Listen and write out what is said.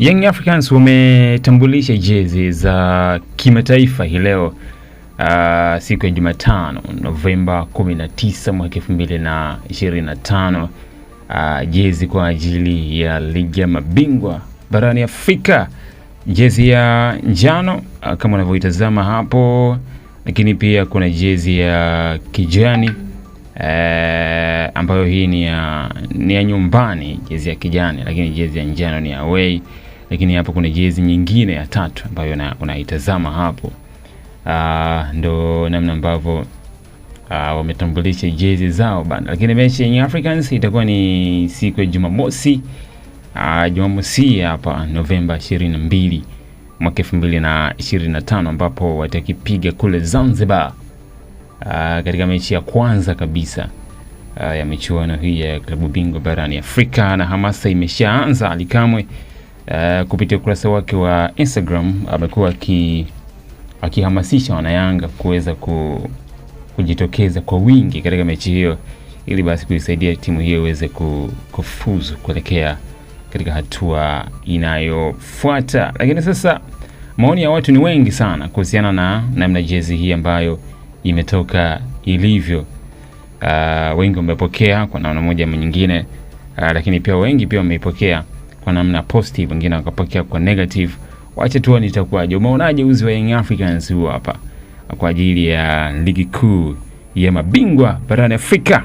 Young Africans wametambulisha jezi za kimataifa hii leo uh, siku ya Jumatano Novemba 19 mwaka 2025 uh, jezi kwa ajili ya ligi ya mabingwa barani Afrika, jezi ya njano uh, kama unavyoitazama hapo, lakini pia kuna jezi ya kijani uh, ambayo hii ni ya, ni ya nyumbani, jezi ya kijani, lakini jezi ya njano ni away lakini hapo kuna jezi nyingine ya tatu ambayo unaitazama una hapo. Uh, ndo namna ambavyo uh, wametambulisha jezi zao bana. Lakini mechi yenye Africans itakuwa ni siku ya Jumamosi uh, Jumamosi hapa Novemba 22 mwaka 2025 ambapo watakipiga kule Zanzibar uh, katika mechi ya kwanza kabisa uh, ya michuano hii ya klabu bingwa barani Afrika, na hamasa imeshaanza. Alikamwe uh, kupitia ukurasa wake wa Instagram amekuwa akihamasisha wanayanga kuweza ku, kujitokeza kwa wingi katika mechi hiyo ili basi kuisaidia timu hiyo iweze kufuzu kuelekea katika hatua inayofuata. Lakini sasa maoni ya watu ni wengi sana kuhusiana na namna jezi hii ambayo imetoka ilivyo. Uh, wengi wamepokea kwa namna moja ama nyingine, uh, lakini pia wengi pia wameipokea kwa namna positive, wengine wakapokea kwa negative. Wacha tuone itakuwaje. Umeonaje uzi wa Young Africans huu hapa kwa ajili ya ligi kuu ya mabingwa barani Afrika?